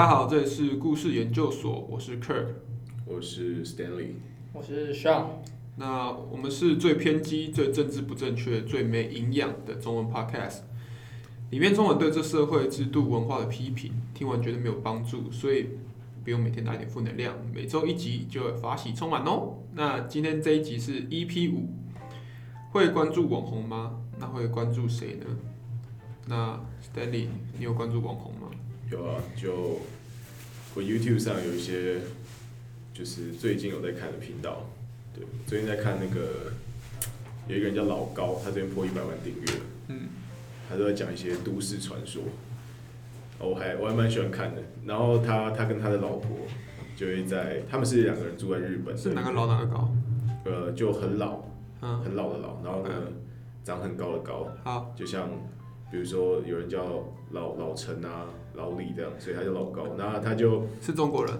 大家好，這裡是故事研究所，我是 Kurt，我是 Stanley，我是 Sean。那我們是最偏激、最政治不正確、最沒營養的中文 podcast，裡面充滿對這社會制度文化的批評，聽完覺得沒有幫助，所以不用每天打點負能量，每周一集就法喜充滿哦。那今天這一集是 EP 五，會關注網紅嗎？那會關注誰呢？那 Stanley，你有關注網紅嗎？有啊，就我 YouTube 上有一些，就是最近有在看的頻道，對，最近在看那個有一個人叫老高，他這邊破一百萬訂閱了，嗯，他都在講一些都市傳說，我還我還蠻喜歡看的。然後他他跟他的老婆就會在，他們是兩個人住在日本，是哪個老哪個高？呃，就很老。啊，很老的老，然後呢長很高的高。好，啊，就像比如說有人叫老老陳啊。老李這樣，所以他就老高。那他就是中國人，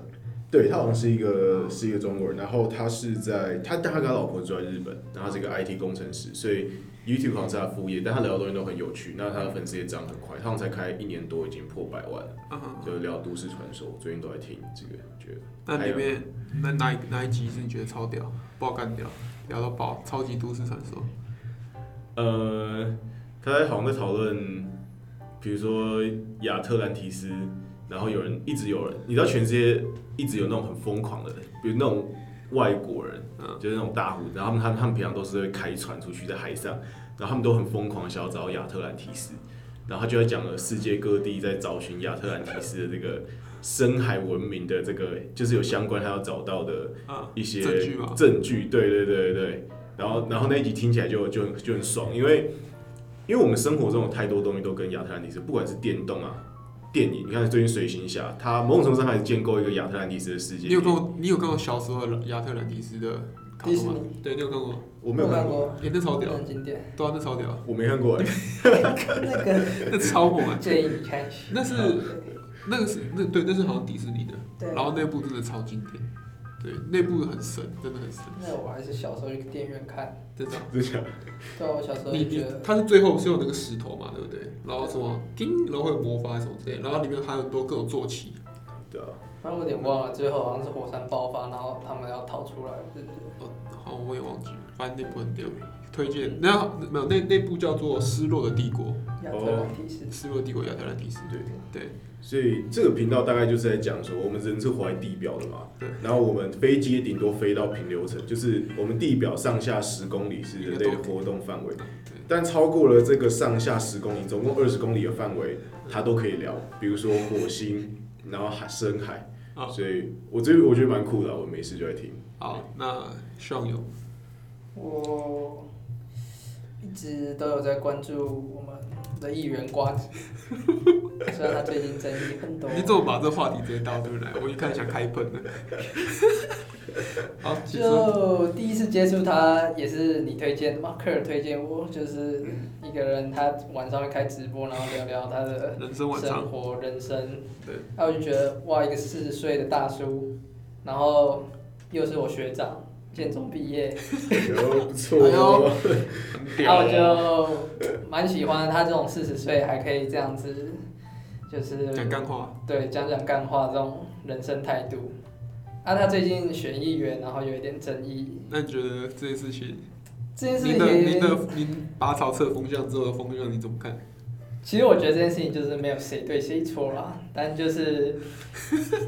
對，他好像是一個是一個中國人。然後他是在他他跟他老婆住在日本，然後是一個 IT 工程師。所以 YouTube 好像是他副業，但他聊的東西都很有趣。那他的粉絲也漲很快，他好像才開一年多已經破百萬了。Uh huh huh. 就聊都市傳說，最近都在聽這個，覺得。那裡面有那哪哪一,一集是你覺得超屌，爆幹屌，聊到爆，超級都市傳說？呃，他在好像在討論。比如說亞特蘭提斯，然後有人一直有人，你知道全世界一直有那種很瘋狂的人，比如那種外國人，就是那種大鬍子，然後他們他們平常都是會開船出去在海上，然後他們都很瘋狂地想要找亞特蘭提斯，然後他就在講了世界各地在找尋亞特蘭提斯的這個深海文明的這個，就是有相關他要找到的一些證據嘛，證據，對對對對，然後然後那一集聽起來就就很就很爽，因為。因為我們生活中有太多東西都跟亞特蘭蒂斯，不管是電動啊、電影，你看最近《水行俠》，它某種程度上還是建構一個亞特蘭蒂斯的世界。你有看？你有看過小時候的亞特蘭蒂斯的卡通嗎？對，你有看過？我沒有看過，也是超屌，經典，對啊，那超屌。我沒看過。誒、個，那超火啊！建議你看。那是，那個是那對，那是好像迪士尼的，然後那部真的超經典。對，那部很神，真的很神。那我還是小時候去電影院看，真的種。 對呀，對我小時候也覺得。它是最後是有那個石頭嘛，對不對？然後什麼，對然後會有魔法什麼之類，然後裡面還有很多各種坐騎。對啊，反正有點忘了，最後好像是火山爆發，然後他們要逃出來。對不對，哦，好，我也忘記了，反正那部很屌，推薦。那沒有那那部叫做《失落的帝國》。亞特蘭提斯，哦、是不是帝國斯，亞特蘭提斯對對，所以這個頻道大概就是在講說，我們人是活在地表的嘛，對。然後我們飛機頂多飛到平流層，就是我們地表上下十公里是人類的活動範圍。對。但超過了這個上下十公里，總共二十公里的範圍，它都可以聊，比如說火星，然後海深海。哦、啊。所以我這我覺得蠻酷的，我沒事就在聽。好，那上游。我一直都有在關注我們的藝人瓜子，雖然他最近爭議很多。 你怎麼把這話題直接倒裡來？我一看想開噴了。 好，就束第一次接觸他也是你推薦，Mark 推薦我，就是一個人，他晚上會開直播，然後聊聊他的生活、人生,人生。對。然後就覺得哇，一個四十歲的大叔，然後又是我學長。建中畢業，然後我就蠻喜歡他這種四十歲還可以這樣子，就是講幹話，對，講講幹話這種人生態度。那、啊、他最近選議員，然後有一點爭議，那你覺得這件事情，這件事情你，您的您的您拔草測風向之後的風向，你怎麼看？其實我覺得這件事情就是沒有誰對誰錯啦，但就是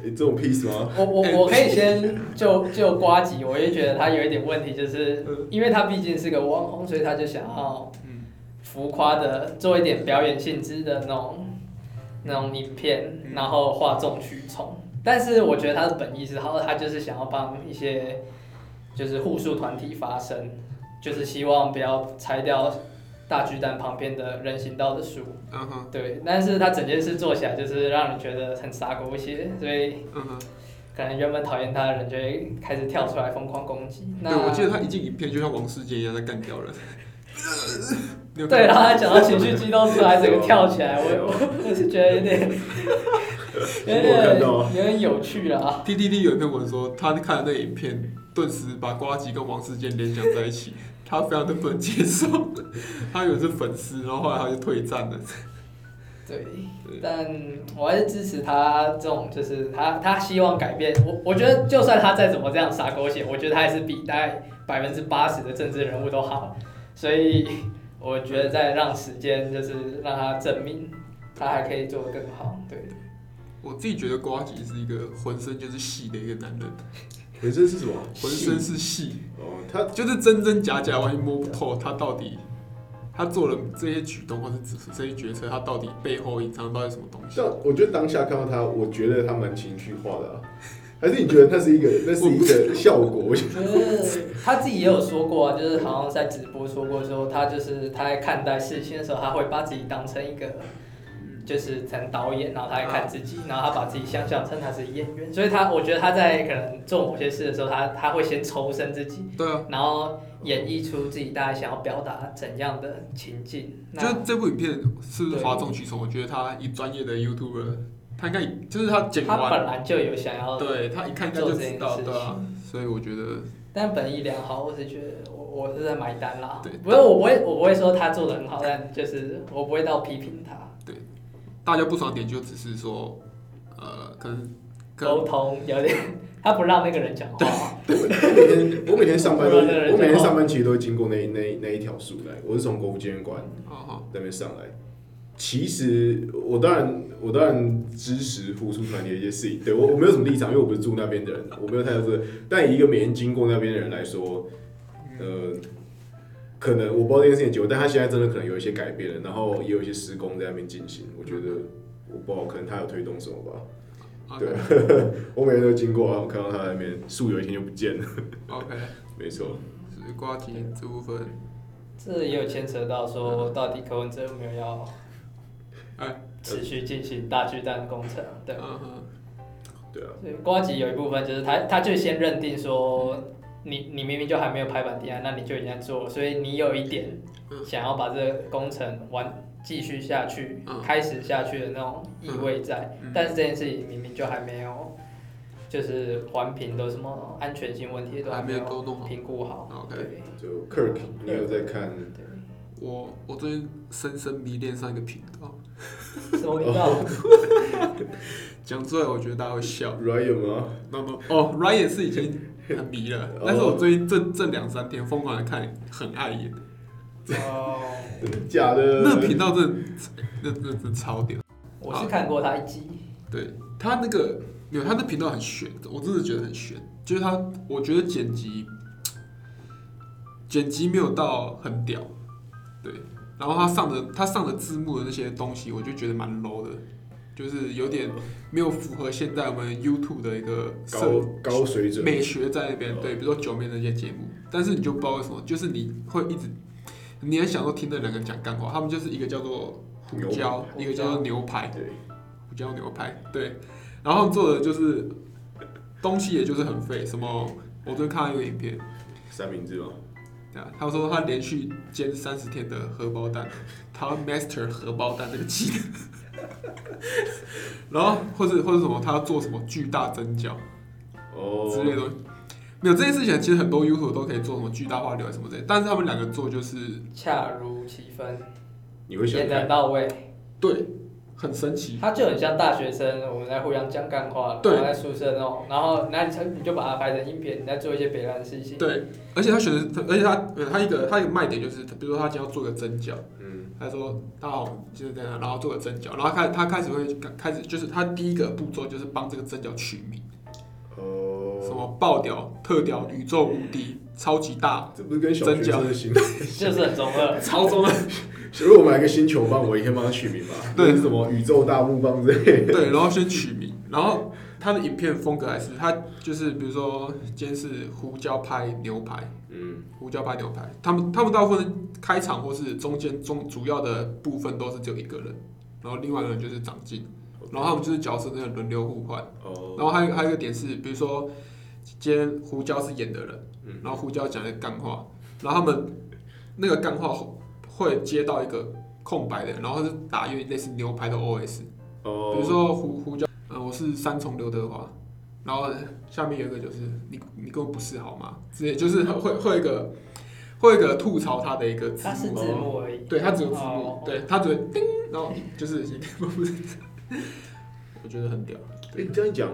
你、 欸、這種 peace 嗎？我我我可以先就就呱吉，我也覺得他有一點問題，就是因為他畢竟是個網紅，所以他就想要浮誇的做一點表演性質的那種那種影片，然後譁眾取寵。但是我覺得他的本意是好，他就是想要幫一些就是互助團體發聲，就是希望不要拆掉。大巨蛋旁邊的人行道的樹，uh huh. 對，但是他整件事做起來就是讓人覺得很撒狗血，所以，uh huh. 可能原本討厭他的人就會開始跳出來瘋狂攻擊。Uh huh. 那對，我記得他一進影片就像王世堅一樣在幹掉人。對，然後他講到情緒激動出來，整個跳起來， 我我是覺得有點，有點有點有趣了啊。 PTT 有一篇文說，他看了那影片，頓時把呱吉跟王世堅聯想在一起。 他非常的不接受， 他有是粉絲，然後後來他就退戰了。對，對但我還是支持他這種，就是他他希望改變。我我覺得，就算他再怎麼這樣撒狗血，我覺得他也是比大概百分之八十的政治人物都好。所以我覺得再讓時間，就是讓他證明他還可以做得更好。對,對我自己覺得呱吉是一個渾身就是戲的一個男人。渾身、欸、是什麼？渾身是戲戲哦，他就是真真假假，完全摸不透他到底，他做了這些舉動或者這些決策，他到底背後隱藏到底什麼東西？我覺得當下看到他，我覺得他蠻情緒化的、啊，還是你覺得他是一個但 是一個效果？他自己也有說過啊，就是好像在直播說過的時候，說他就是他在看待事情的時候，他會把他自己當成一個。就是成導演，然後他來看自己，啊、然後他把自己想象成他是演員，所以他我覺得他在可能做某些事的時候，他他會先抽身自己，對啊，然後演繹出自己大概想要表達怎樣的情境。嗯、那就這部影片是譁眾取寵，對我覺得他以專業的 YouTuber，他應該就是他他本來就有想要對他一看就知道，對，對、啊、所以我覺得。但本意良好，我是覺得我，我是在買單啦，對，不過我不會我不會說他做的很好，但就是我不會到批評他。大家不爽點就只是說，呃，跟溝通有點，他不讓那個人講話。 我每天 我每天上班，我每天上班其實都會經過那那那一條樹來，我是從國父紀念館那邊上來。哦、其實我當然我當然支持護樹團體一些事情，對，我我沒有什麼立場， 因為我不是住那邊的人，我沒有太多事。 但以一個每天經過那邊的人來說，呃。嗯可能我不知道這件事情結果，但他現在真的可能有一些改變了，然後也有一些施工在那邊進行。我覺得，我不知道，可能他有推動什麼吧。Okay. 對，我每天都經過啊，我看到他那邊樹有一天就不見了。OK，沒錯錯。是呱吉。這部分，這也有牽扯到說，到底柯文哲有沒有要，哎，持續進行大巨蛋工程？對，嗯哼、uh，對啊。呱吉有一部分就是他，他就先認定說。嗯你你明明就還沒有拍板定案，那你就已經在做，所以你有一點想要把這個工程完繼續下去，嗯，開始下去的那種意味在，嗯嗯，但是這件事情明明就還沒有，就是環評的什麼安全性問題都還沒有評估好。OK，對，就 Kirk，你有在看？對，我我最近深深迷戀上一個頻道。什麼頻道？講出來，我覺得大家會笑。Ryan 嗎、啊、哦、No, no. Oh,，Ryan 是以前很迷了，Oh. 但是我最近這這兩三天瘋狂的看很愛演，很礙眼。哦，真的假的？那個頻道真的，那那真的超屌。我是看過他一集。對，他那個，有他那頻道很懸，我真的覺得很懸。就是他，我覺得剪輯，剪輯沒有到很屌，對。然後他上的他上的字幕的那些東西，我就覺得蠻 low 的，就是有點沒有符合現在我們 YouTube 的一個高高水準美學在那邊。哦、對，比如說九妹那些節目，但是你就不知道為什麼，就是你會一直，你也想說聽那兩個人講幹話，他們就是一個叫做胡椒，牛一個叫做牛排，牛排對，胡椒牛排，對，然後做的就是東西，也就是很廢。什麼？我最近看了一個影片，三明治嗎？啊，他說他連續煎三十天的荷包蛋，他 master 荷包蛋那個技能， 然後或者或者什麼，他要做什麼巨大蒸餃，哦，oh. 之類的，沒有這件事情，其實很多 YouTuber 都可以做什麼巨大化流什麼之類的，但是他們兩個做就是恰如其分，你會選，簡單到位，對。很神奇，他就很像大學生。我們在互相講幹話，了，我在宿舍那種，然後那對然後你你就把它拍成影片，你在做一些別的事情。對，而且他選的，而且他他一個他一個賣點就是，比如說他想要做個蒸餃，嗯，他說他好就是這樣，然後做個蒸餃，然後開他，他開始會開始就是他第一個步驟就是幫這個蒸餃取名，哦、呃，什麼爆屌、特屌、宇宙無敵、嗯、超級大，腳這不是跟蒸餃就是很中二， 超中二惡。 如果我買一個星球棒，我也可以幫他取名吧。對，是什麼宇宙大木棒之類的。對，然後先取名，然後他的影片風格還是他就是，比如說今天是胡椒拍牛排，嗯，胡椒拍牛排，他們他們大部分開場或是中間中主要的部分都是只有一個人，然後另外一個人就是長進，然後他們就是角色那個輪流互換，哦，Okay. 然後還有還有一個點是，比如說今天胡椒是演的人，然後胡椒講的幹話，然後他們那個幹話。會接到一個空白的，然後就打一類似牛排的 OS，oh. 比如說胡胡椒，嗯，我是三重劉德華，然後下面有一個就是你你跟我不是好嗎？直接就是會會一個會一個吐槽他的一個字幕。是字幕而已對，他只有字幕，oh. 對，他只有字幕，oh. 然後就是 Okay. 我覺得很屌，哎，這樣 講。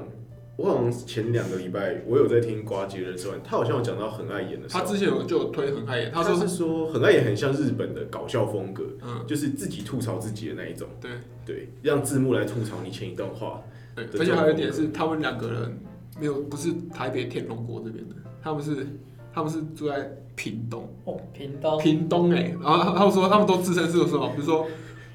我好像前兩個禮拜，我有在聽呱吉的時候，他好像有講到很愛演的時候。他之前就有就推很愛演，他，說，他是說很愛演，很像日本的搞笑風格，嗯，就是自己吐槽自己的那一種。對對，讓字幕來吐槽你前一段話種。對，而且還有一點是，他們兩個人沒有不是台北天龍國這邊的，他們是他們是住在屏東。哦，屏東。屏東哎，東欸、然後他們說他們都自稱是說什麼？比如說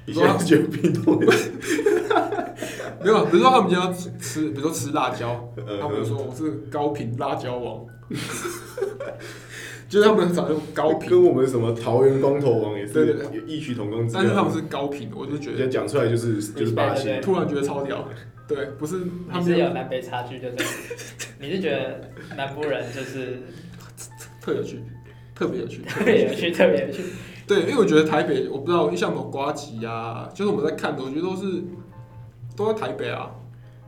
以前是屏東的。 沒有，比如說他們要吃，比如說吃辣椒， 他們就說，我是高品辣椒王， 就是他們早就高品， 跟我們什麼桃園光頭王也是，也對對對，異曲同工之妙。但是他們是高品，我就覺得講出來就是就是霸氣，對對對對，突然覺得超屌，對，不是他們是有南北差距，對不對？ 你是覺得南部人就是特有趣，特別有趣，特別有，有趣，特別有趣， 對，因為我覺得台北，我不知道，像什麼呱吉呀，就是我們在看的，我覺得都是。都在台北啊，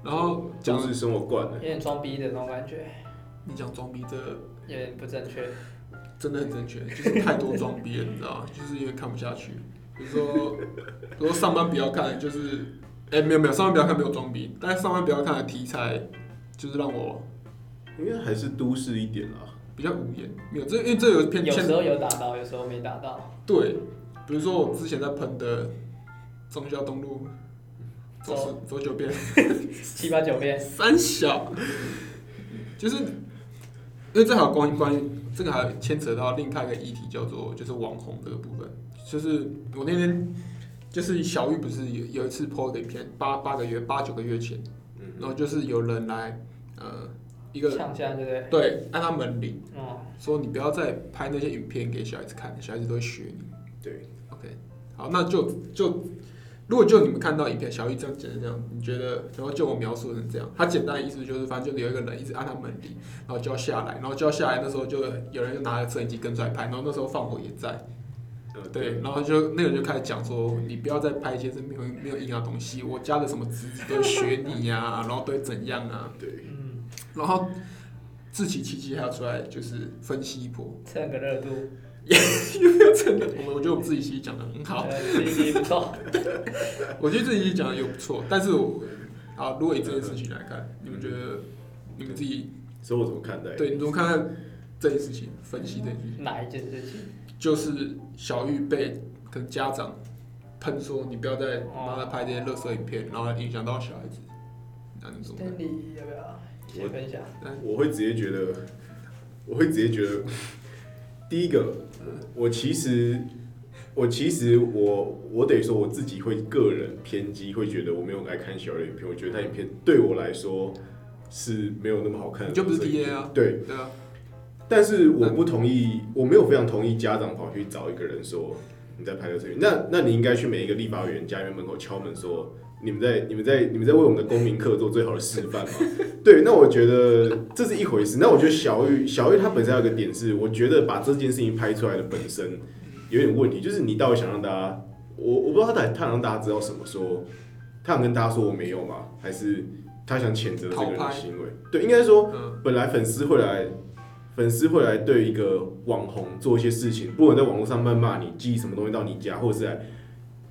然後就是生活慣了，有點裝逼的那種感覺。你講裝逼這有點不正確，真的很正確，就是太多裝逼了， 你知道就是因為看不下去。比如說，如果上班比較看，就是誒，沒有沒有上班比較看沒有裝逼，但上班比較看的題材就是讓我應該還是都市一點啦，比較無言。沒有這因為這有偏有時候有打到，有時候沒打到。對，比如說我之前在噴的忠孝東路。左多走九遍，七八九遍，三小？ 嗯、就是，因為正好關、嗯、關這個還牽扯到另開一個議題，叫做就是網紅這個部分。就是我那天就是小玉不是有有一次 po 的一影片，八八個月八九個月前，嗯嗯然後就是有人來呃一個對不對？對，對，按他門鈴哦，嗯、說你不要再拍那些影片給小孩子看，小孩子都會學你。對，OK，好，那就就。如果就你們看到影片，小玉這樣剪的這樣，你覺得？然後就我描述成這樣，他簡單的意思就是，反正就是有一個人一直按他門鈴，然後就要下來，然後就要下來，那時候就有人就拿着攝影機跟出來拍，然後那時候放火也在，對，不對，對，然後就那個人就開始講說，你不要再拍一些沒有沒有營養的東西，我家的什麼侄子都學你呀、啊， 然後都怎樣啊？對，然後自己其實還要出來就是分析一波蹭個熱度。有沒有真的？我我覺得我們自己其實講的很好，其實不錯。 我覺得自己講的也不錯，但是，我啊，如果以這件事情來看，你們覺得你們自己，所以，我怎麼看待？對，你怎麼看待這件事情？分析這件事情？哪一件事情？就是小玉被跟家長噴說，你不要再幫他拍這些垃圾影片，然後影響到小孩子。那你怎麼看？那你有啊？直接我會直接覺得，我會直接覺得。第一個，我，我其實我其實我我得說我自己會個人偏激，會覺得我沒有愛看小孩影片，我覺得那影片對我來說是沒有那麼好看的。你就不是 d 啊？對，對啊，但是我不同意，嗯、我沒有非常同意家長跑去找一個人說你在拍的視頻。那那你應該去每一個立法委員家門口敲門說。你們在，你們在，你們在為我們的公民課做最好的示範嘛？ 對，那我覺得這是一回事。那我覺得小玉，小玉她本身有個點是，我覺得把這件事情拍出來的本身有點問題，就是你到底想讓大家，我我不知道他他想讓大家知道什麼說，說他想跟大家說我沒有嗎？還是他想譴責這個人的行為？拍對，應該說本來粉絲會來，嗯、粉絲會來對一個網紅做一些事情，不管在網絡上謾罵你，嗯、寄什麼東西到你家，或者是來。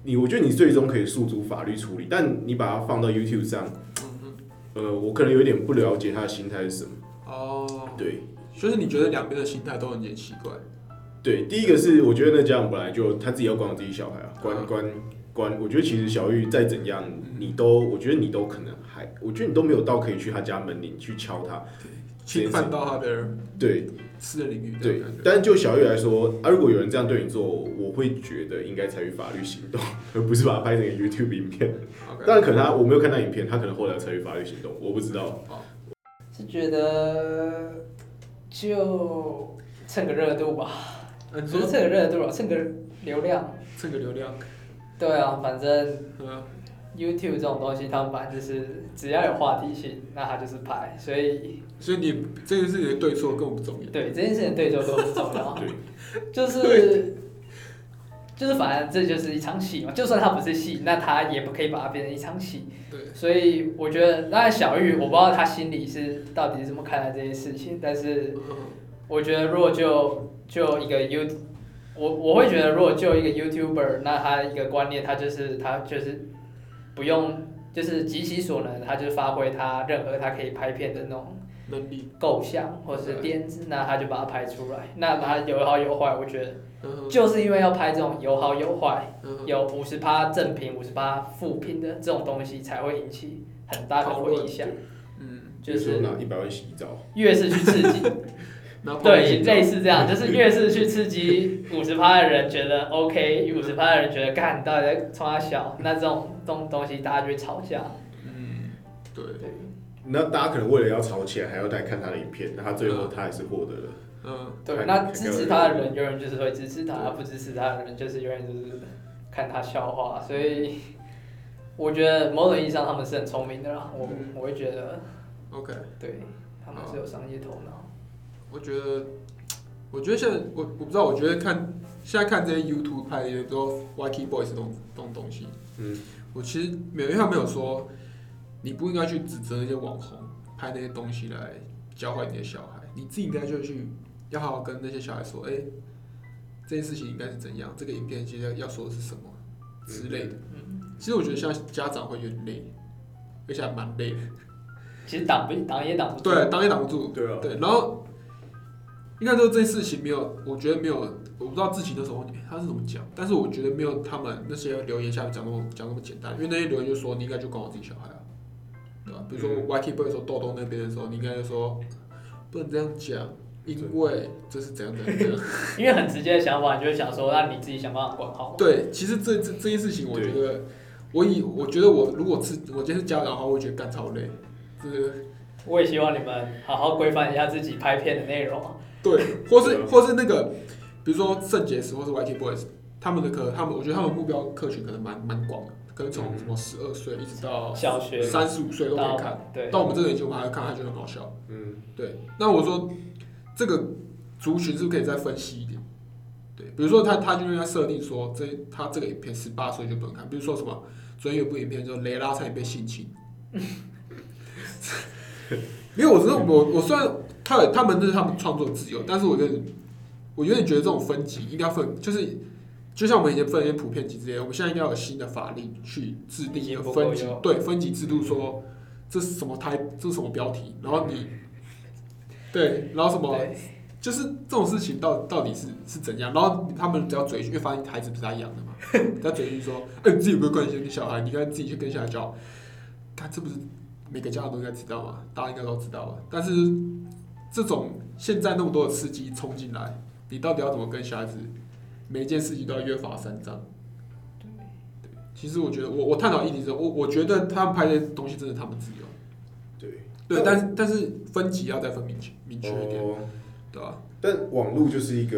你我覺得你最終可以訴諸法律處理，但你把它放到 YouTube 上，嗯、哼呃，我可能有點不了解他的心態是什麼。哦、嗯哼，對，所以你覺得兩邊的心態都很有點奇怪。對，第一個是我覺得那家長本來就他自己要管自己小孩啊，管管管，我覺得其實小玉再怎樣，你都我覺得你都可能還，我覺得你都沒有到可以去他家門鈴去敲他。侵犯到他的對私人領域。對，但是就小玉來說啊，如果有人這樣對你做，我會覺得應該採取法律行動，而不是把它拍成一個 YouTube 影片。但 Okay, 可能他、嗯、我沒有看到影片，他可能後來參與法律行動，我不知道。是、嗯 okay, 哦、覺得就蹭個熱度吧，多蹭、嗯、個熱度啊，蹭個流量，蹭個流量。對啊，反正 YouTube 這種東西，他們本來就是只要有話題性，那他就是拍，所以所以你這件事情的對錯更不重要。對，這件事情對錯更不重要。 對，就是對就是反正這就是一場戲嘛。就算它不是戲，那他也不可以把它變成一場戲。對。所以我覺得，當然小玉，我不知道他心裡是到底是怎麼看待這件事情。但是，嗯、我覺得，如果就就一個 You，我我會覺得，如果就一個 YouTuber，那他一個觀念他、就是，他就是他就是。不用，就是盡其所能，他就發揮他任何他可以拍片的那種能力、構想或者是點子，嗯、那他就把它拍出來。那把它有好有壞，我覺得就是因為要拍這種有好有壞，嗯、有五十趴正品、五十趴負品的這種東西，才會引起很大的回響。嗯，說就是越是去刺激， 對，類似這樣， 就是越是去刺激五十趴的人覺得 OK，五十趴的人覺得幹，你、嗯、到底在衝三小？那這種。東東西大家就會吵架，嗯，對。那大家可能為了要吵起來，還要再看他的影片，那他最後他也是獲得了，嗯，對。那支持他的人永遠就是會支持他，對不支持他的人就是永遠就是看他笑話，所以我覺得某種意義上他們是很聰明的啦，我、嗯、我會覺得，OK，對，他們是有商業頭腦。我覺得，我覺得現在我我不知道，我覺得看現在看這些 YouTube 拍的說 YK Boys 這種這種東西，嗯。我其實沒有因為他沒有說，你不應該去指責那些網紅拍那些東西來教壞你的小孩，你自己應該就去要好好跟那些小孩說，哎，這件事情應該是怎樣，這個影片其實要說的是什麼之類的。嗯，其實我覺得像家長會有點累，而且還蠻累的。其實擋不，擋也擋不住。對，擋也擋不住。對對，然後。應該說，這些事情沒有，我覺得沒有，我不知道自己那時候、欸、他是怎麼講，但是我覺得沒有他們那些留言下面講那麼講那麼簡單，因為那些留言就說，你應該就管好自己小孩啊，嗯、對吧？比如說我 YK 不會說豆豆那邊的時候，你應該就說不能這樣講，因為這是怎樣的？因為很直接的想法，你就想說，那你自己想辦法管好。對，其實這這這些事情，我覺得對我以我覺得我如果是，我就是家長的話，會覺得幹超累。是，我也希望你們好好規範一下自己拍片的內容。對，或是或是那個，比如說聖結石或是 YT Boys，他們的課，他們我覺得他們目標客群可能蠻蠻廣的，可能從什麼十二歲一直到三十五歲都可以看，對，到我們這個年紀我們還看，還覺得好笑，嗯，對。那我說這個族群是不是可以再分析一點？對，比如說他他就為他設定說這他這個影片十八歲就不能看，比如說什麼，專業部影片就雷拉差點被性侵， 因為我知道我我雖然。他他們這是他們創作自由，但是我覺得，我有點覺得這種分級應該分，就是就像我們以前分一些普遍級這些，我們現在應該要有新的法律去制定一個分級，對，分級制度說這是什麼台，這是什麼標題，然後你對，然後什麼對就是這種事情到底到底是是怎樣，然後他們只要嘴，因為發現孩子不是他養的嘛，他嘴硬說，哎、欸，你自己有沒有關心你小孩？你該自己去跟小孩教，他這不是每個家長都應該知道嗎？大家應該都知道吧？但是。這種現在那麼多的司機衝進來，你到底要怎麼跟小孩子？每一件事情都要約法三章。對，對。其實我覺得，我我探討議題之後我我覺得他拍的東西真的他們自由。對對，但是、哦、但是分級要再分明確明確一點。哦、對、啊、但網絡就是一個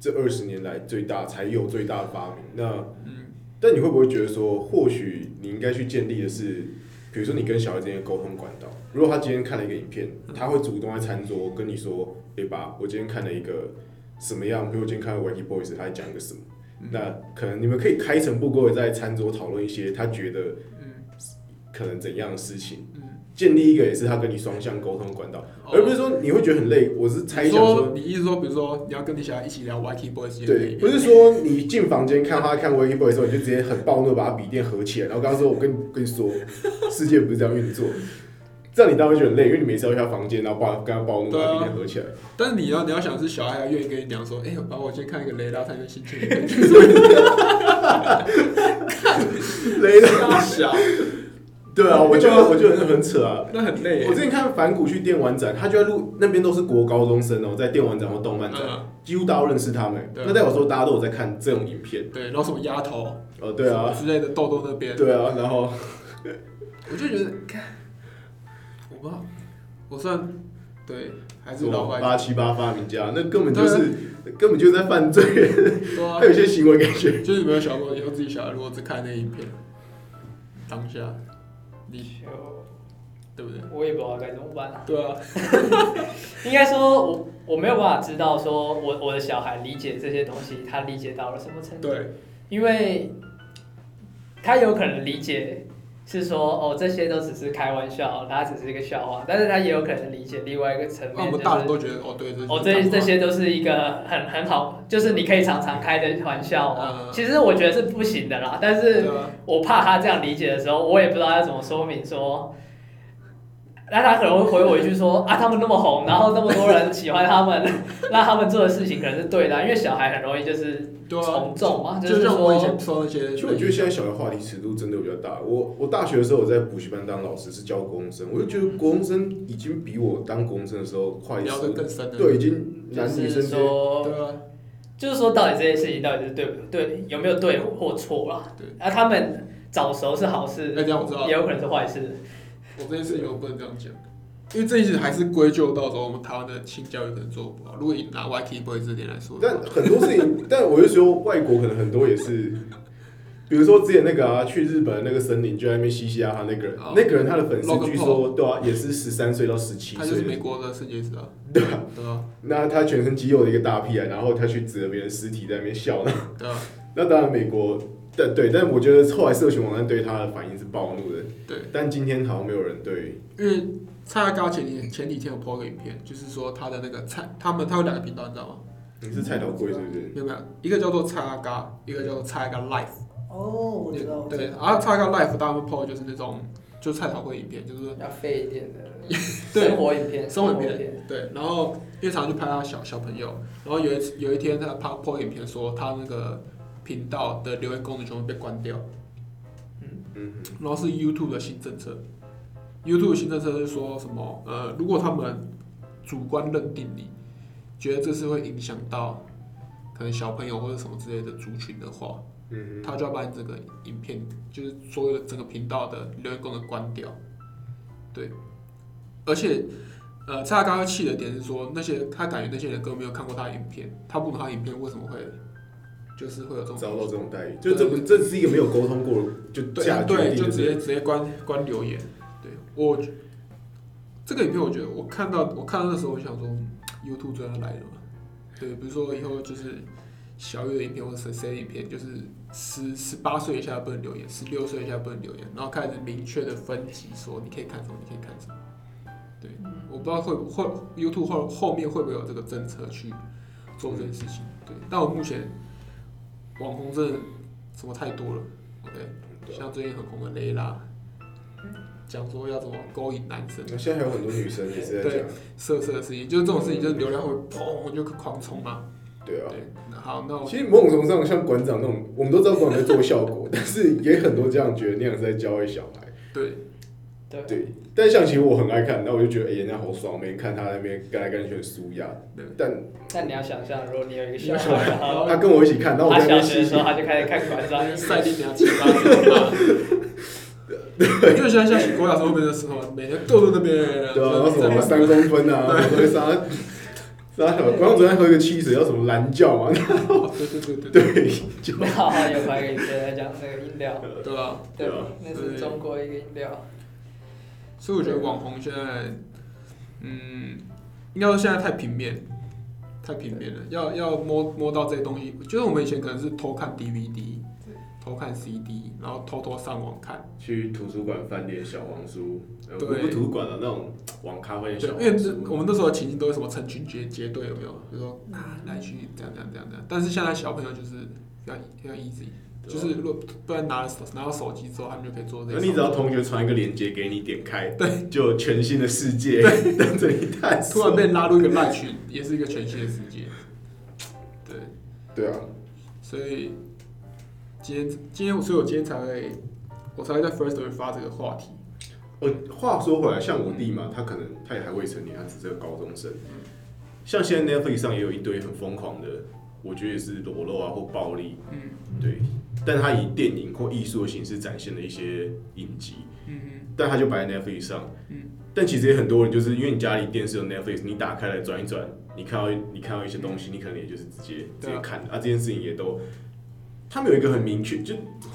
這二十年來最大、才有最大的發明。那，嗯。但你會不會覺得說，或許你應該去建立的是？比如說，你跟小孩之間的溝通管道，如果他今天看了一個影片，他會主動在餐桌跟你說：“對、欸、吧？我今天看了一個什麼樣？比如我今天看了 Wackyboys，他在講一個什麼？”那可能你們可以開誠布公的在餐桌討論一些他覺得，可能怎樣的事情。建立一個也是他跟你雙向溝通的管道，而不是說你會覺得很累。我是猜想說、哦、你說，你意思說，比如說你要跟你小孩一起聊 Wacky Boys 對，不是說你進房間看他看 Wacky Boys 的時候，你就直接很暴怒，把他筆電合起來。然後剛剛說我跟跟你說，世界不是這樣運作，這樣你當然會覺得累，因為你每次要下房間，然後把跟他暴怒，把筆電合起來、啊。但是你要你要想是小孩要願意跟你講說，哎、欸，幫我先看一個雷達，他有心情。哈哈哈！哈哈！哈哈！雷達小。對啊，我就我就覺得很扯啊，那很累。我最近看反骨去電玩展，他就在錄那邊都是國高中生哦，在電玩展或動漫展，幾乎大家都認識他們。那在我說，大家都有在看這種影片。對，然後什麼丫頭，哦，對啊，之類的豆豆那邊。對啊，然後我就覺得，我不好，我算對，還是老八七八發明家，那根本就是根本就是在犯罪。對他有些行為感覺，就是沒有想過以後自己小孩如果只看那影片，當下。地球，對不對？我也不知道該怎麼辦。對啊 應，應該說，我我沒有辦法知道，說我我的小孩理解這些東西，他理解到了什麼程度？對，因為他有可能理解，是說哦，這些都只是開玩笑，他只是一個笑話，但是他也有可能理解另外一個層面，就是。啊，我們大人都覺得哦，對對。這哦，這這些都是一個很很好，就是你可以常常開的玩笑。呃，其實我覺得是不行的啦，但是我怕他這樣理解的時候，我也不知道要怎麼說明說。那、啊、他可能會回我一句說啊，他們那麼紅，然後那麼多人喜歡他們，那 他們做的事情可能是對的，因為小孩很容易就是從眾嘛，就是我以前說一些。其實我覺得現在小孩話題尺度真的比較大。我我大學的時候我在補習班當老師是教國中生，我就覺得國中生已經比我當國中生的時候，聊得更深的對，已經男女生之間就是說、啊、就說到底這件事情到底是對不對？對，有沒有對或錯啦？對、啊、他們早熟是好事，知道也有可能是壞事。這件事情我不能這樣講，的因為這件事還是歸咎到說我們台灣的性教育可能做不好。如果你拿 Y T boy 這點來說，但很多事情， 但我就說外國可能很多也是，比如說之前那個啊，去日本的那個森林，就在那邊嘻嘻哈哈，那個人，哦、那個人他的粉絲對據說 port 對啊，也是十三歲到十七歲，他就是美國的十幾歲啊，對，對啊，對啊，那他全身肌肉的一個大屁啊，然後他去指着別人屍體在那邊笑呢，對啊， 那當然美國。對對，但我覺得後來社群網站對他的反應是暴怒的。對，但今天好像沒有人對。因為蔡阿嘎前幾前幾天有 po 一個影片，就是說他的那個蔡，他們他有兩個頻道，你知道嗎？嗯、你是蔡桃貴是不是？有沒有一個叫做蔡阿嘎，一個叫做蔡阿嘎 Life 對。哦，我知道。知道對，而蔡阿嘎 Life 他們 po 的就是那種，就蔡桃貴影片，就是要費一點的 對生活影片，生活影片。影片對，然後因為常，常就拍他小小朋友，然後有一次有一天他 po 一影片說他那個，頻道的留言功能全部被關掉。嗯嗯，然後是 YouTube 的新政策。YouTube 的新政策是說什麼？呃，如果他們主觀認定你覺得這是會影響到可能小朋友或者什麼之類的族群的話，嗯，他就要把你這個影片，就是所有的整個頻道的留言功能關掉。對，而且，呃，蔡大剛氣的點是說，那些他感覺那些人根本沒有看過他的影片，他不懂他影片為什麼會。就是會有這種遭到這種待遇對 就有有，就這這是一個沒有溝通過就下決定。對啊，對，就直接直接關關留言。對，我這個影片，我覺得我看到我看到的時候，我想說、嗯、，YouTube 就要來了。對，比如說以後就是小雨的影片或者誰誰影片，就是十十八歲以下不能留言，十六歲以下不能留言，然後開始明確的分級，說你可以看什麼，你可以看什麼。對，嗯、我不知道會會 YouTube 後後面會不會有這個政策去做這件事情。嗯、對，但我目前。網紅這什麼太多了 o、okay. 啊、像最近很紅的蕾拉，講說要怎麼勾引男生。那現在還有很多女生也 是在講色色的事情，就是這種事情就是流量會砰就狂衝嘛、啊。對啊對。好，那我其實某種程度上，像館長那種，我們都知道館長在做效果， 但是也很多這樣覺得那樣在教育小孩。對。對，但像其實我很愛看，然後我就覺得哎，人家好爽，每天看他那邊幹來幹去的蘇亞，但但你要想象，如果你有一個小孩，他跟我一起看，他小學的時候他就開始看廣告，因為賽季比較緊張，對，哈哈就像在像郭亞這邊的時候，每天逗逗那邊，對啊，什麼三公分啊，什麼啥，啥？郭亞昨天喝個汽水叫什麼藍叫嘛？對對對對，對，就好好又拍一個，再來講那個飲料，對吧？對，那是中國一個飲料。所以我覺得網紅現在，對嗯，應該說現在太平面，太平面了。對要要摸摸到這些東西，就是我們以前可能是偷看 DVD，偷對看 CD，然後偷偷上網看，去圖書館翻點小黃書，呃對，不圖書館的那種網咖啡。對，因為我們那時候的情景都是什麼成群結結隊，有沒有？比如說啊，來去這樣這樣這樣這樣。但是現在小朋友就是要要 easy。啊、就是，如果突然拿了手拿到手機之後，他們就可以做這個。那你只要同學傳一個鏈接給你點開，對，就全新的世界對等着你，突然被拉入一個麥群是，也是一個全新的世界。對，對，對，對啊，所以今天今天所以我今天才會我才會在 Firstory 發這個話題。我、哦、話說回來，像我弟嘛，他可能他也還未成年，他只是個高中生。嗯、像現在 Netflix 上也有一堆很瘋狂的。我覺得也是裸露啊，或暴力，嗯，對，但他以電影或藝術的形式展現了一些影集。嗯哼，嗯，但他就擺在 Netflix 上，嗯，但其實也很多人，就是因為你家裡電視有 Netflix，你打開來轉一轉，你看到你看到一些東西，嗯、你可能也就是直接、啊、直接看啊，這件事情也都，他沒有一個很明確，就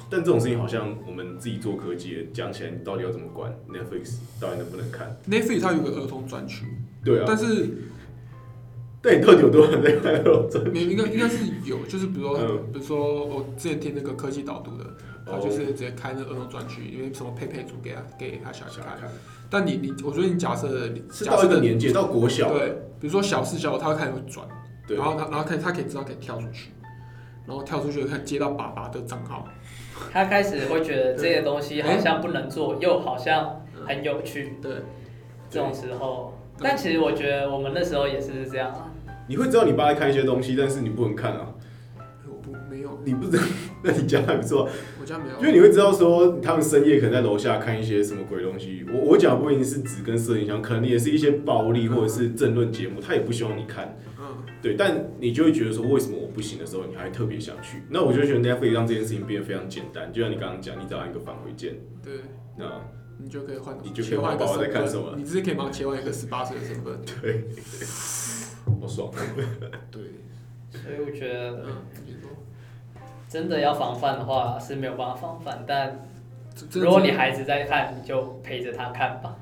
但這種事情好像我們自己做科技講起來，你到底要怎麼管 Netflix，到底能不能看 Netflix？它有個兒童專區，對啊，對啊，但是。那你到底有多厲害哦？應該應該是有，就是比如說，比如說我之前聽那個科技導讀的，他就是直接開那個兒童專區，因為什麼佩佩豬給他給他小孩。但你你，我覺得你假設是到一個年紀到國小，對，比如說小四小五，他會開始轉，然後他然後他他可以知道可以跳出去，然後跳出去他接到爸爸的賬號，他開始會覺得這些東西好像不能做，又好像很有趣。對，這種時候，但其實我覺得我們那時候也是這樣。你會知道你爸在看一些東西，但是你不能看啊。我不沒有，你不知道？那你家還不錯、啊，我家沒有、啊。因為你會知道說他們深夜可能在樓下看一些什麼鬼東西。我我講不一定是指跟攝影相可能也是一些暴力或者是政論節目，嗯、他也不希望你看。嗯、對。但你就會覺得說，為什麼我不行的時候，你還特別想去？那我就覺得 n 家可以讓這件事情變得非常簡單，就像你剛剛講，你找一個返回鍵。對。那你就可以換，你就可以換個在看什麼，你直接可以幫上切換一個十八歲的身份。對。好、哦、爽， 對，所以我覺得，真的要防範的話是沒有辦法防範，但如果你孩子在看，你就陪着他看吧，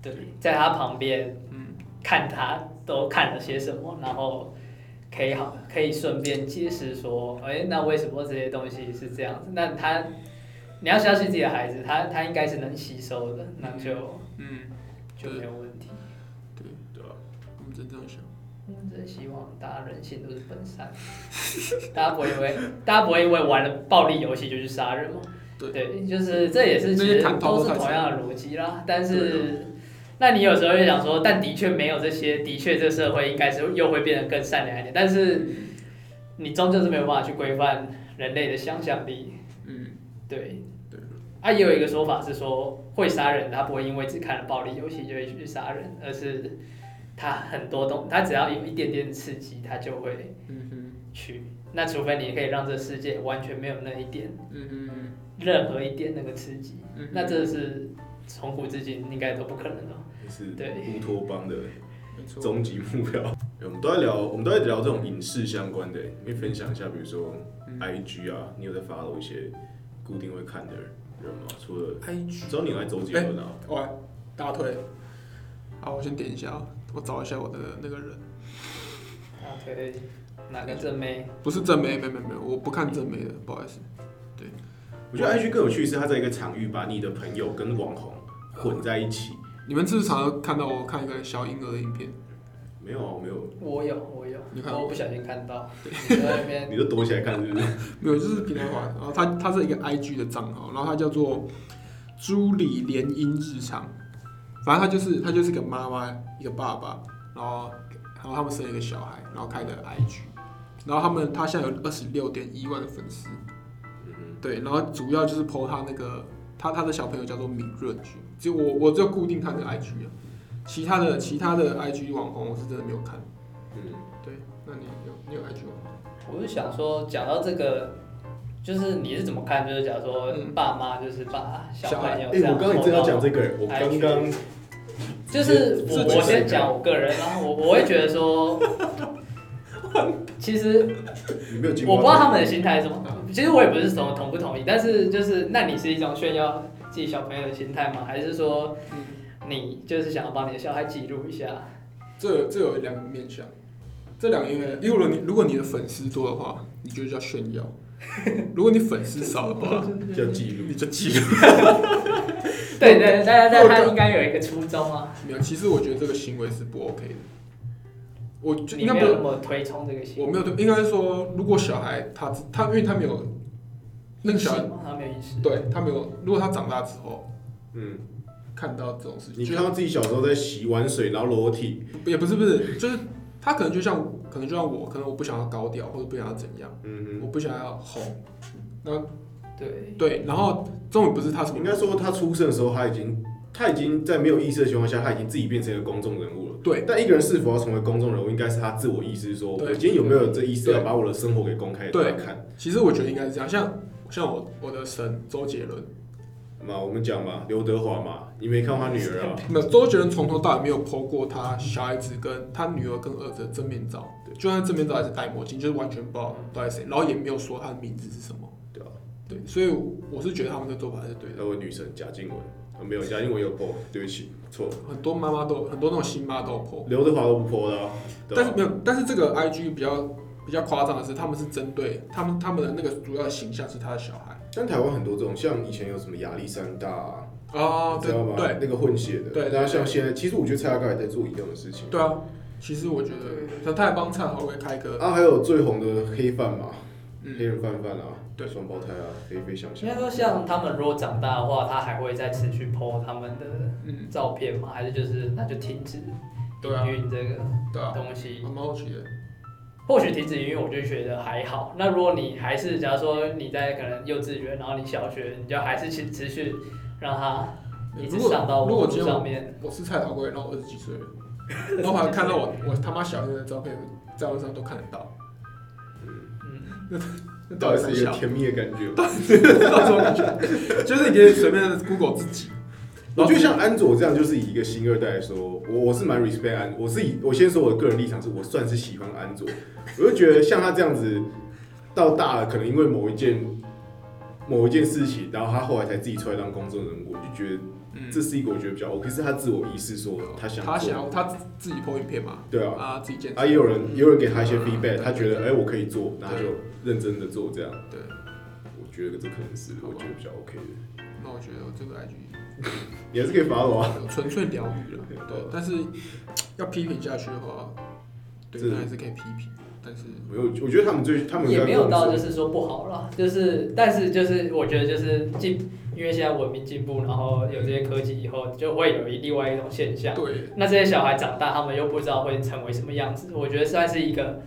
對，對，對，在他旁邊，對嗯，看他都看了些什麼，然後可以好，可以順便揭示說，哎、欸，那為什麼這些東西是這樣子？那他，你要相信自己的孩子，他他應該是能吸收的，那就對嗯就沒有問題，對對吧？我們真的想。真、嗯、希望大家人性都是本善，大家不會因為大家不會因為玩了暴力遊戲就去殺人嗎？ 對，對就是這也是其實都是同樣的邏輯啦，啦。但是，那你有時候會想說，但的確沒有這些，的確這社會應該是又會變得更善良一點。但是，你終究是沒有辦法去規範人類的想象力。嗯，對。對。啊，也有一個說法是說，會殺人他不會因為只看了暴力遊戲就會去殺人，而是。他很多東，他只要有一點點刺激，他就會去。那除非你可以讓這世界完全沒有那一點，嗯哼，任何一點那個刺激，那這是從古至今應該都不可能哦。是，對，烏托邦的終極目標。我們都在聊，我們都在聊這種影視相關的，你可以分享一下，比如說 I G 啊，你有在 follow 一些固定會看的人嗎？除了 I G，只要你來走幾個呢？我，大腿。好，我先點一下啊。我找一下我的那個人。啊對，哪個正妹？不是正妹，沒沒沒，我不看正妹的，不好意思。對，我覺得 IG 更有趣的是它在一個場域把你的朋友跟網紅混在一起。嗯、你們是不是常常看到我看一個小嬰兒的影片？沒有，啊，我沒有。我有，我有。你看，我不小心看到。對。你， 你都躲起來看是不是？ 沒有，就是平常玩。然後它它是一個 IG 的賬號，然後它叫做“朱里聯姻日常”。反正他就是他就是一個媽媽一個爸爸，然後然後他們生一個小孩，然後開的 IG，然後他們他現在有二十六點一萬的粉絲，對，然後主要就是 PO 他那個他他的小朋友叫做敏潤君，就我我就固定他的 IG 了，其他的其他的 IG 網紅我是真的沒有看，嗯，對，那你有你有 IG 網紅嗎？我是想說，講到這個，就是你是怎麼看？就是假如說爸媽就是爸小孩。誒，這樣，我剛剛你真的要講這個，我剛剛。就是我我先講我個人，然後我我會覺得說，其實我不知道他們的心態是什麼。其實我也不是什麼同不同意，但是就是，那你是一種炫耀自己小朋友的心態嗎？還是說你就是想要把你的小孩記錄一下？這有這有兩個面向，這兩個面向因為，如果你如果你的粉絲多的話，你就叫炫耀。 如果你粉絲少的話，要記錄，要記錄。對對，但他他應該有一個初衷啊。沒有，其實我覺得這個行為是不 OK 的。我就應該沒有那麼推崇這個行為。我沒有對，應該說，如果小孩他他，因為他沒有那個小孩，是嗎？他沒有意思。對，他沒有，如果他長大之後，嗯，看到這種事情，就你看到自己小時候在洗碗水，然後裸體，也不是不是，就是他可能就像。可能就像我，可能我不想要高調，或者不想要怎樣，嗯哼，我不想要紅，那對對，然後終於不是他應該說他出生的時候，他已經他已經在沒有意識的情況下，他已經自己變成一個公眾人物了。對，但一個人是否要成為公眾人物，應該是他自我意識說，對我今天有沒有這意識要把我的生活給公開來看對對？其實我覺得應該是這樣，像像我我的神周杰倫。嘛，我們講嘛，劉德華嘛，你沒看過他女兒啊？沒有、嗯，周杰倫從頭到尾沒有 Po 過他小孩子跟他女兒跟兒子的正面照，對，就算他正面照還是戴墨鏡，就是完全不知道到底誰，然後也沒有說他的名字是什麼，對吧、啊？對，所以我，我是覺得他們的做法還是對的。還有女神賈靜雯，沒有，賈靜雯有有 Po 對不起，錯。很多媽媽都，很多那種新媽都有 Po，劉德華都不 Po 的、啊，啊、但是沒有，但是這個 I G 比較比較誇張的是，他們是針對他們他們的那個主要形象是他的小孩。像台灣很多這種，像以前有什麼亞歷山大啊，知道嗎？對，那個混血的。對，大家像現在，其實我覺得蔡阿嘎也在做一樣的事情。對啊，其實我覺得他太幫唱，會不會開個啊，還有最紅的黑范嘛，黑人范范啊，對，雙胞胎啊，飛飛翔翔。應該說，像他們如果長大的話，他還會再次去 po 他們的照片嗎？還是就是那就停止？運這個東西，或許停止營運，我就覺得還好。那如果你還是，假如說你在可能幼稚園，然後你小學，你就還是去持續讓他一直想到我如。如果如果今上面，我是蔡桃貴，然後我二十幾歲了，好像看到我我他媽小學的照片，在路上都看得到。嗯。那那倒也是一個甜蜜的感覺。哈哈哈！哈哈！哈哈，就是你可以隨便 Google 自己。哦、就我覺得像安卓這樣，就是以一個新二代來說，我我是蠻 respect 安。我是,安卓,我是以我先說我的個人立場，是我算是喜歡安卓。我就覺得像他這樣子，到大了可能因為某一件某一件事情，然後他後來才自己出來當工作人我就覺得、嗯、這是一個我覺得比較 OK。是他自我意識說他想、嗯、他想要他自己 PO 影片嘛。對啊，啊自己剪啊也有人有人、嗯、給他一些 feedback，、嗯嗯、他覺得哎、欸、我可以做，然後就認真的做這樣。對，我覺得這可能是我覺得比較 OK 的。那我覺得我這個 IG。 你是可以把我純、啊、粹釣魚了， 對。對對，但是 要批評下去的話，對，那還是可以批評。對但是沒有，我覺得他們最他們也沒有到就是說不好了，就是但是就是我覺得就是進，因為現在文明進步，然後有這些科技，以後就會有一另外一種現象。對耶。那這些小孩長大，他們又不知道會成為什麼樣子。我覺得算是一個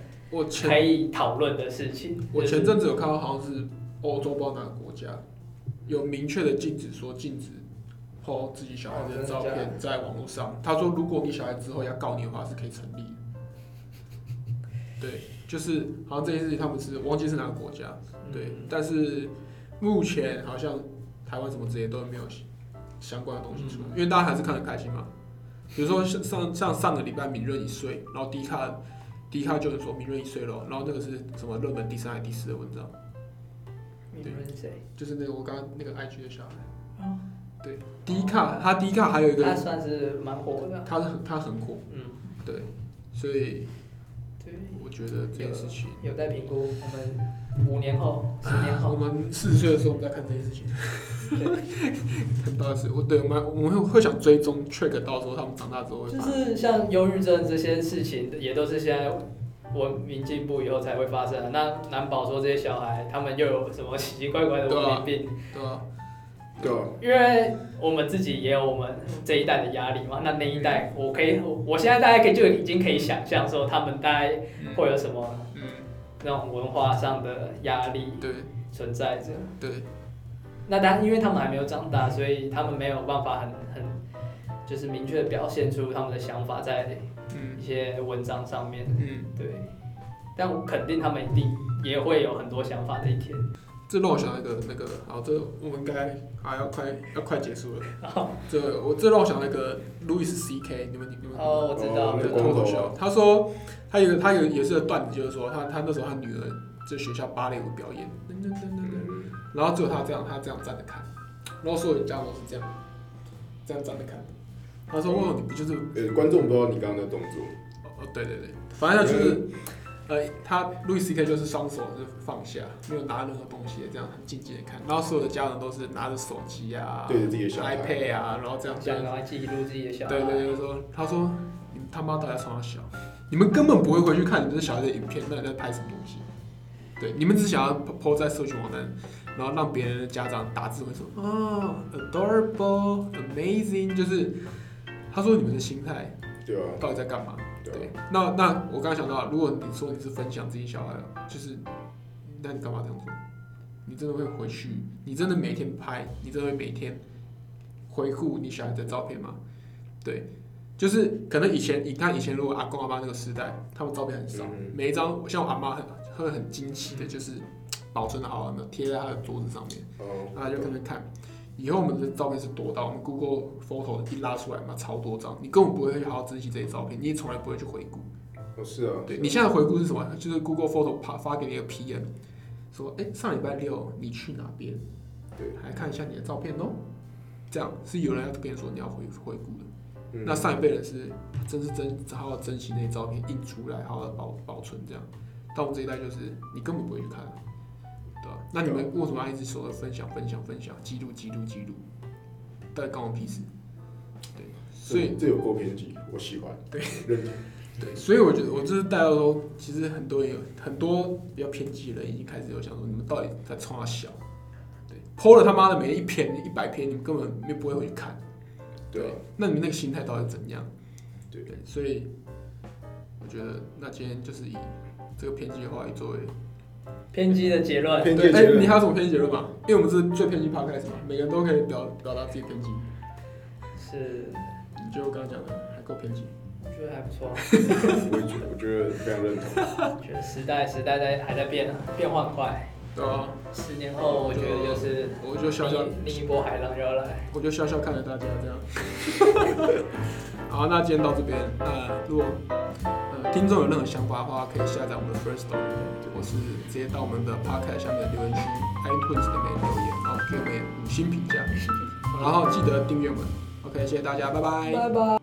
可以討論的事情。我前陣、就是、子有看到，好像是歐洲不知道哪個國家有明確的禁止說禁止。然後、哦、自己小孩的照片在網絡上，他說：“如果你小孩之後要告你的話，是可以成立的。對，就是好像這件事情，他們是我忘記是哪個國家。對。但是目前好像台灣什麼之類都沒有相關的東西出來，嗯、因為大家還是看得開心嘛。比如說像上像上個禮拜，敏潤一歲，然後迪卡迪卡一刊就是說敏潤一歲了，然後那個是什麼熱門第三還是第四的文章？對，就是那個我剛剛那個 IG 的小孩。哦對，Dcard、哦、他 Dcard 還有一個，他算是蠻火的。他是很他是很火，嗯，對，所以，對，我覺得這件事情有待評估。我們五年後、十、啊、年後，我們四十歲的時候，我們再看這件事情，對 很大事。我對我們我們會想追蹤 check 到時候他們長大之後，就是像憂鬱症這些事情，也都是現在文明進步以後才會發生，那難保說這些小孩他們又有什麼奇奇怪怪的文明病？對、啊對啊對，因為我們自己也有我們這一代的壓力嘛。那那一代，我可以，我現在大概可以就已經可以想象說，他們大概會有什麼，嗯，那種文化上的壓力對存在着。對。對，那但因為他們還沒有長大，所以他們沒有辦法很很，就是明確表現出他們的想法在一些文章上面。嗯，嗯對。但我肯定他們一定也會有很多想法的一天。這讓我想到一個，那個那個，好，這我們應該啊要快要快結束了。好這我這讓我想到一個 Louis C.K.，你們你們哦我知道。脫口秀，他說他有個他有也是個段子，就是說他他那時候他女兒在學校芭蕾舞表演，噔噔噔噔噔，然後就他這樣他這樣站着看，然後所有人家都是這樣這樣站着看，他說哦你不就是，欸、觀眾不知道你剛剛的動作，哦對對對，反正就是。呃，他路易斯 CK 就是雙手就放下，沒有拿任何東西，這樣很靜靜的看。然後所有的家長都是拿着手機啊，對對，自己的 iPad 啊，然後這樣這樣然、啊、後記錄自己的小孩。對對，就是說他說你他媽都在床上笑，你們根本不會回去看你們小孩的影片，那你在拍什麼東西？對，你們只想要 po, po 在社群網站，然後讓別人的家長打字會說啊、哦、adorable amazing，就是他說你們的心態，對啊，到底在幹嘛？對啊對，那那我剛想到，如果你說你是分享自己小孩，就是，那你幹嘛這樣做？你真的會回去？你真的每天拍？你真的會每天回顧你小孩的照片嗎？對，就是可能以前你看，以前如果阿公阿媽那個時代，他們照片很少，嗯嗯，每一張像我阿媽很會很精細的，就是保存的好好的，貼在他的桌子上面，嗯、然後就跟着看。嗯看以後我們的照片是多到我們 Google Photo 一拉出來嘛，超多張，你根本不會去好好珍惜這些照片，你也從來不會去回顧。哦，是啊，對你現在回顧是什麼？就是 Google Photo 發發給你一個 PM，說，哎，欸，上禮拜六你去哪邊？對，還看一下你的照片哦。這樣是有人要跟你說你要回回顧的。嗯，那上一輩人是真是真好好珍惜那些照片印出來，好好保保存這樣。到我們這一代就是，你根本不會去看。啊、那你們為什麼還一直說分享分享分享記錄記錄記錄，在關我屁事？嗯、對，所以這有夠偏激，對我喜歡。對真對，所以我覺得我就是大家都其實很多有很多比較偏激的人已經開始有想說，你們到底在衝啥小？對，剖了他媽的每一篇一百篇，你們根本沒不會回去看。對，那你們那個心態到底怎樣？對對，所以我覺得那今天就是以這個偏激的話語作為。偏激的結論，哎對、欸，你還有什麼偏激結論嗎？因為我們是最偏激 podcast 吧，每個人都可以表表達自己偏激。是，就我剛剛講的還夠，還夠偏激，我覺得還不錯。 我覺得，我覺得非常認同。 我覺得時代，時代在還在變，變化很快。對啊，十年後，我覺得就是，我就，我就笑笑，另一波海浪又要來。我就笑笑看着大家這樣。 好，那今天到這邊。那、呃、如果呃聽眾有任何想法的話，可以下載我們的 Firstory，或是直接到我們的 Podcast 下面的留言區、iTunes 裡面留言，然後給我們五星評價。然後記得訂閱我們。OK，謝謝大家，拜拜，拜拜。